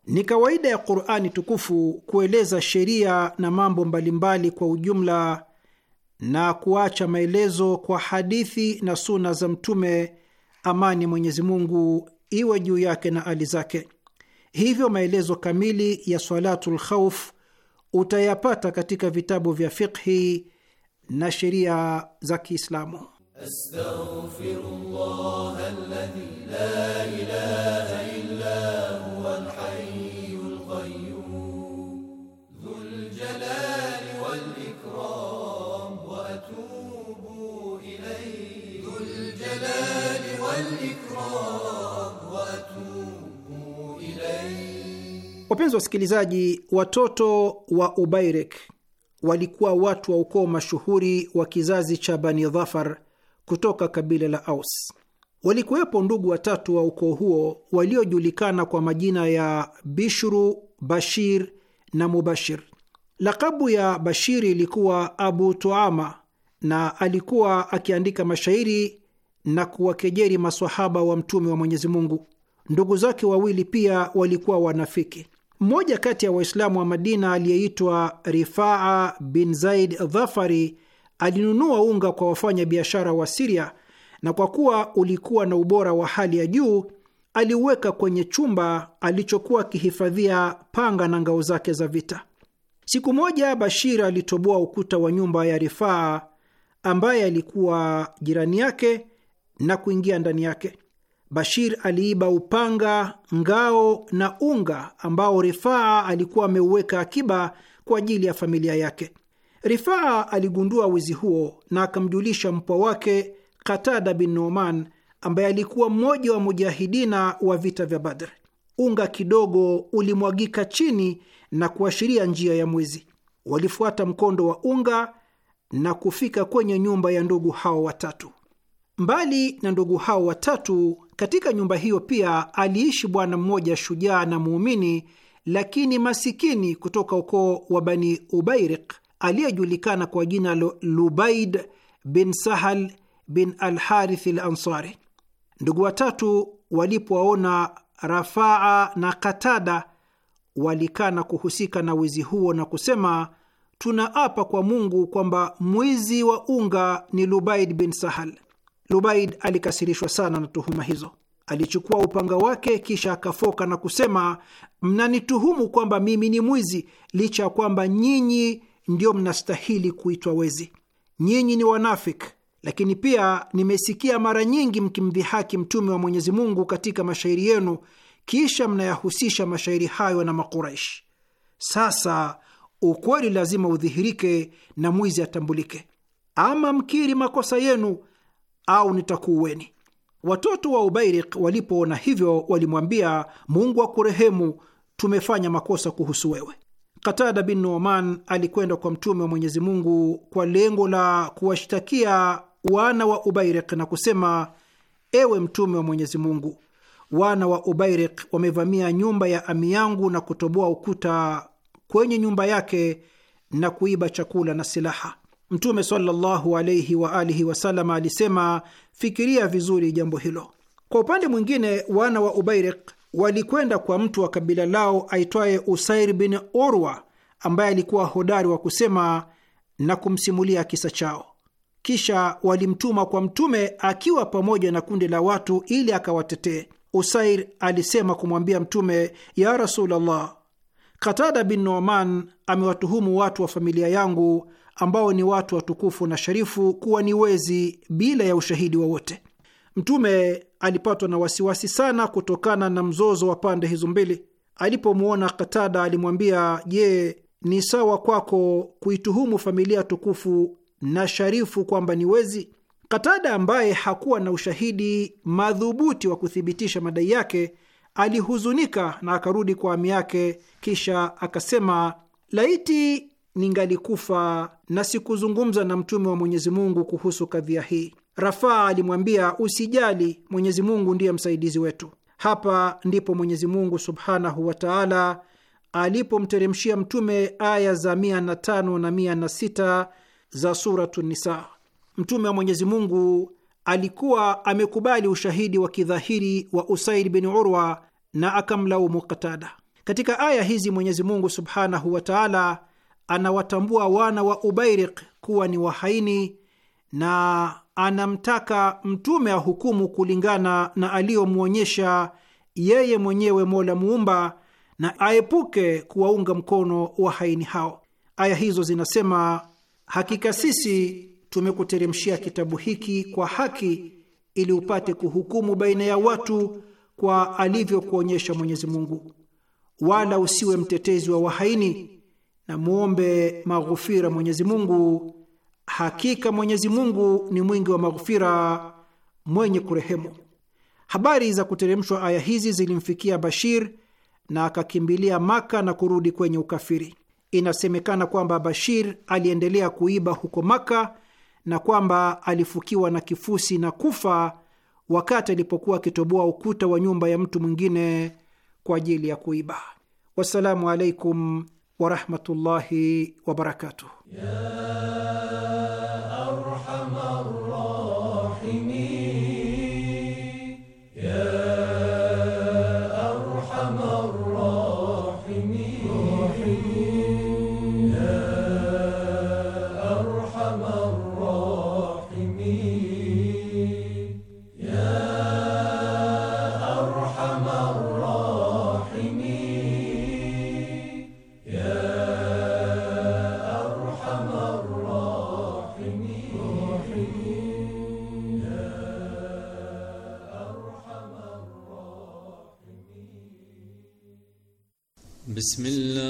Ni kawaida ya Qur'ani tukufu kueleza sheria na mambo mbalimbali kwa ujumla na kuacha maelezo kwa hadithi na suna za Mtume, amani Mwenyezi Mungu iwe juu yake na ali zake. Hivyo maelezo kamili ya swalatul khauf utayapata katika vitabu vya fiqhi na sheria za Kiislamu. أستغفر الله الذي لا إله إلا هو الحي القيوم ذو الجلال والإكرام وأتوب إليه ذو الجلال والإكرام وأتوب إليه Wapenzi wasikilizaji, watoto wa Ubairek walikuwa watu wa ukoo mashuhuri wa kizazi cha Bani Dhafar kutoka kabila la Aus. Walikuwepo ndugu watatu wa ukoo huo waliojulikana kwa majina ya Bishru, Bashir na Mubashir. Lakabu ya Bashiri ilikuwa Abu Tuama na alikuwa akiandika mashairi na kuwakejeri masahaba wa Mtume wa Mwenyezi Mungu. Ndugu zake wawili pia walikuwa wanafiki. Mmoja kati ya Waislamu wa Madina aliyeitwa Rifaa bin Zaid Dhafari alinunua unga kwa wafanya biashara wa Siria na kwa kuwa ulikuwa na ubora wa hali ya juu aliuweka kwenye chumba alichokuwa akihifadhia panga na ngao zake za vita. Siku moja Bashir alitoboa ukuta wa nyumba ya Rifaa ambaye alikuwa jirani yake na kuingia ndani yake. Bashir aliiba upanga, ngao na unga ambao Rifaa alikuwa ameuweka akiba kwa ajili ya familia yake. Rifaa aligundua wizi huo na akamjulisha mpwa wake Katada bin Noman ambaye alikuwa mmoja wa mujahidina wa vita vya Badr. Unga kidogo ulimwagika chini na kuashiria njia ya mwizi. Walifuata mkondo wa unga na kufika kwenye nyumba ya ndugu hao watatu. Mbali na ndugu hao watatu, katika nyumba hiyo pia aliishi bwana mmoja shujaa na muumini, lakini masikini kutoka ukoo wa Bani Ubairik aliyejulikana kwa jina Lubaid bin Sahal bin Alharith al Ansari. Ndugu watatu walipowaona Rafaa na Katada walikana kuhusika na wizi huo na kusema, tunaapa kwa Mungu kwamba mwizi wa unga ni Lubaid bin Sahal. Lubaid alikasirishwa sana na tuhuma hizo. Alichukua upanga wake kisha akafoka na kusema, mnanituhumu kwamba mimi ni mwizi licha ya kwamba nyinyi ndio mnastahili kuitwa wezi. Nyinyi ni wanafik Lakini pia nimesikia mara nyingi mkimdhihaki Mtume wa Mwenyezi Mungu katika mashairi yenu, kisha mnayahusisha mashairi hayo na Makuraishi. Sasa ukweli lazima udhihirike na mwizi atambulike. Ama mkiri makosa yenu au nitakuueni. Watoto wa Ubairik walipoona hivyo, walimwambia Mungu akurehemu, tumefanya makosa kuhusu wewe. Katada bin Numan alikwenda kwa Mtume wa Mwenyezi Mungu kwa lengo la kuwashtakia wana wa Ubairik na kusema, ewe Mtume wa Mwenyezi Mungu, wana wa Ubairik wamevamia nyumba ya ami yangu na kutoboa ukuta kwenye nyumba yake na kuiba chakula na silaha. Mtume sallallahu wa alihi wasallam alisema, fikiria vizuri jambo hilo. Kwa upande mwingine, wana wa Ubairik walikwenda kwa mtu wa kabila lao aitwaye Usair bin Urwa, ambaye alikuwa hodari wa kusema na kumsimulia kisa chao. Kisha walimtuma kwa Mtume akiwa pamoja na kundi la watu ili akawatetee. Usair alisema kumwambia Mtume, ya Rasulullah, Katada bin Noman amewatuhumu watu wa familia yangu ambao ni watu watukufu na sharifu kuwa ni wezi bila ya ushahidi wowote. Mtume alipatwa na wasiwasi sana kutokana na mzozo wa pande hizo mbili. Alipomwona Katada alimwambia, je, ni sawa kwako kuituhumu familia tukufu na sharifu kwamba ni wezi? Katada ambaye hakuwa na ushahidi madhubuti wa kuthibitisha madai yake alihuzunika na akarudi kwa ami yake, kisha akasema, laiti ningalikufa na sikuzungumza na mtume wa Mwenyezi Mungu kuhusu kadhia hii. Rafaa alimwambia, usijali, Mwenyezi Mungu ndiye msaidizi wetu. Hapa ndipo Mwenyezi Mungu subhanahu wa taala alipomteremshia Mtume aya za 105 na 106 za Suratu Nisa. Mtume wa Mwenyezi Mungu alikuwa amekubali ushahidi wa kidhahiri wa Usaid bin Urwa na akamlaumu Katada. Katika aya hizi Mwenyezi Mungu subhanahu wa taala anawatambua wana wa Ubairik kuwa ni wahaini na anamtaka mtume ahukumu kulingana na aliyomwonyesha yeye mwenyewe Mola Muumba, na aepuke kuwaunga mkono wahaini hao. Aya hizo zinasema, hakika sisi tumekuteremshia kitabu hiki kwa haki ili upate kuhukumu baina ya watu kwa alivyokuonyesha Mwenyezi Mungu, wala usiwe mtetezi wa wahaini, na muombe maghufira Mwenyezi Mungu Hakika Mwenyezi Mungu ni mwingi wa maghfira, mwenye kurehemu. Habari za kuteremshwa aya hizi zilimfikia Bashir na akakimbilia Maka na kurudi kwenye ukafiri. Inasemekana kwamba Bashir aliendelea kuiba huko Maka na kwamba alifukiwa na kifusi na kufa wakati alipokuwa akitoboa ukuta wa nyumba ya mtu mwingine kwa ajili ya kuiba. Wassalamu alaikum ورحمه الله وبركاته يا أرحم الراحمين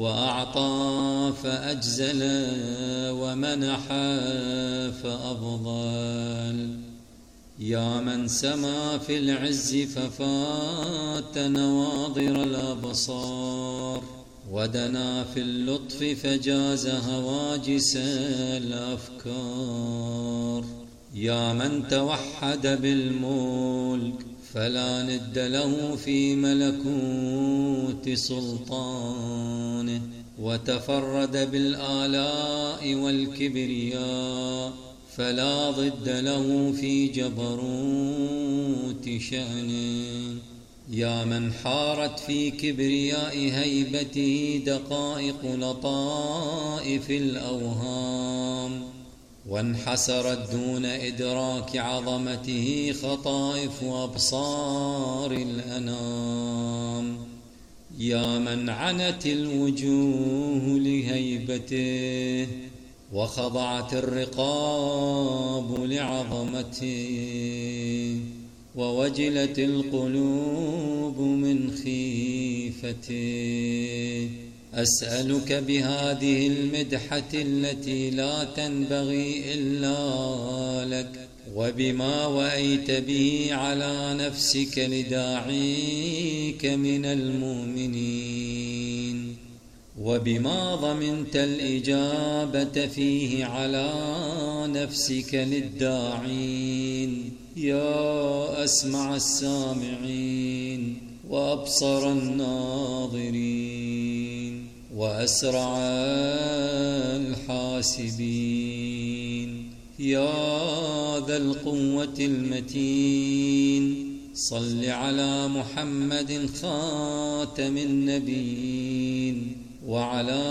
وأعطى فأجزل ومنح فأفضل يا من سما في العز ففات نواضر الأبصار ودنا في اللطف فجاز هواجس الأفكار يا من توحد بالملك فلا ند له في ملكوت سلطان وتفرد بالآلاء والكبرياء فلا ضد له في جبروت شأن يا من حارت في كبرياء هيبته دقائق لطائف الأوهام وانحسرت دون إدراك عظمته خطائف أبصار الأنام يا من عنت الوجوه لهيبته وخضعت الرقاب لعظمته ووجلت القلوب من خيفته أسألك بهذه المدحة التي لا تنبغي إلا لك وبما وأيت به على نفسك لداعيك من المؤمنين وبما ضمنت الإجابة فيه على نفسك للداعين يا أسمع السامعين وأبصر الناظرين وأسرع الحاسبين يا ذا القوة المتين صل على محمد خاتم النبيين وعلى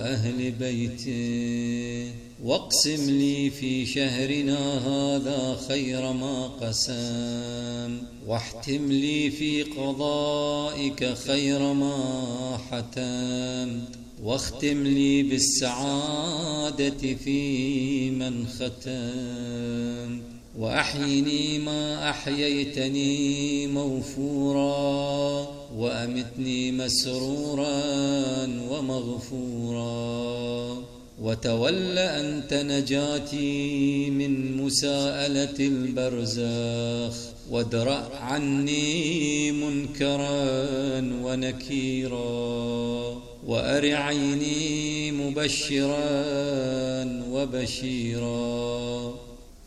أهل بيته واقسم لي في شهرنا هذا خير ما قسم واحتم لي في قضائك خير ما حتمت واختم لي بالسعادة في من ختم وأحيني ما أحييتني موفورا وأمتني مسرورا ومغفورا وتول أنت نجاتي من مساءلة البرزخ وادرأ عني منكرا ونكيرا وأر عيني مبشرا وبشيرا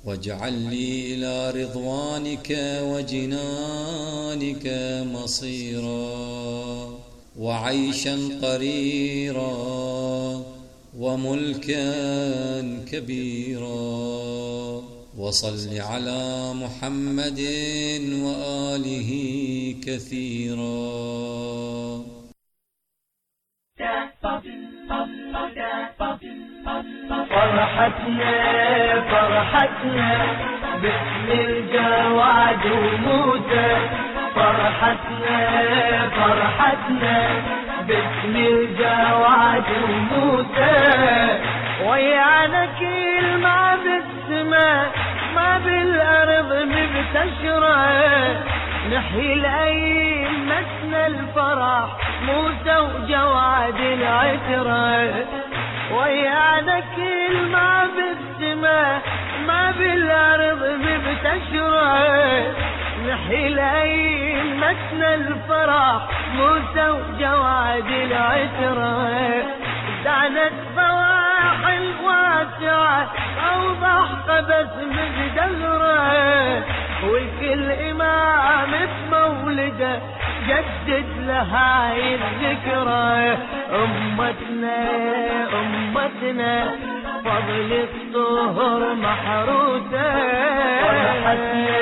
واجعل لي إلى رضوانك وجنانك مصيرا وعيشا قريرا وملكا كبيرا وصل على محمد وآله كثيرا فرحتنا فرحتنا باسم الجواد وموته فرحتنا فرحتنا باسم الجواد وموته ويانا كل ما بالسماء ما بالارض مبتشره نحيي مسنا الفرح موسى وجواد العترة ويانا كل ما بالسماء ما بالأرض مبتشرة نحيي مسنا الفرح موسى وجواد العترة دعنا بواب الريح الواسعة أوضح قبس بدلره وكل إمامة مولده جدد لهاي الذكرى أمتنا أمتنا فضل الطهر محروسة فرحتنا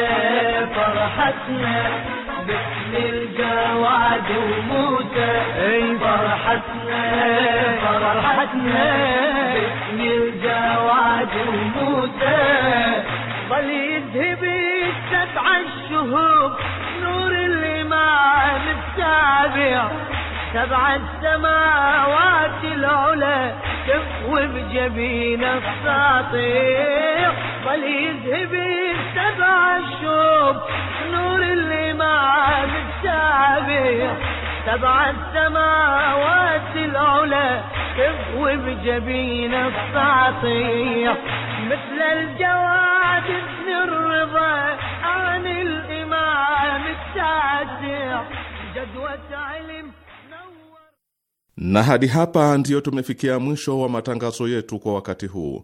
فرحتنا باسم الجواد وموتة فرحتنا فرحتنا الجواد وموته ظل يذهب السبع الشهوب نور الإمام السابع سبع السماوات العلى كف بجبين الساطع ظل يذهب السبع الشهوب نور الإمام السابع سبع السماوات العلا كف بجبين التعطيع مثل الجواد ابن الرضا عن الإمام التاسع جدوى علم نور. Na hadi hapa ndiyo tumefikia mwisho wa matangazo yetu kwa wakati huu.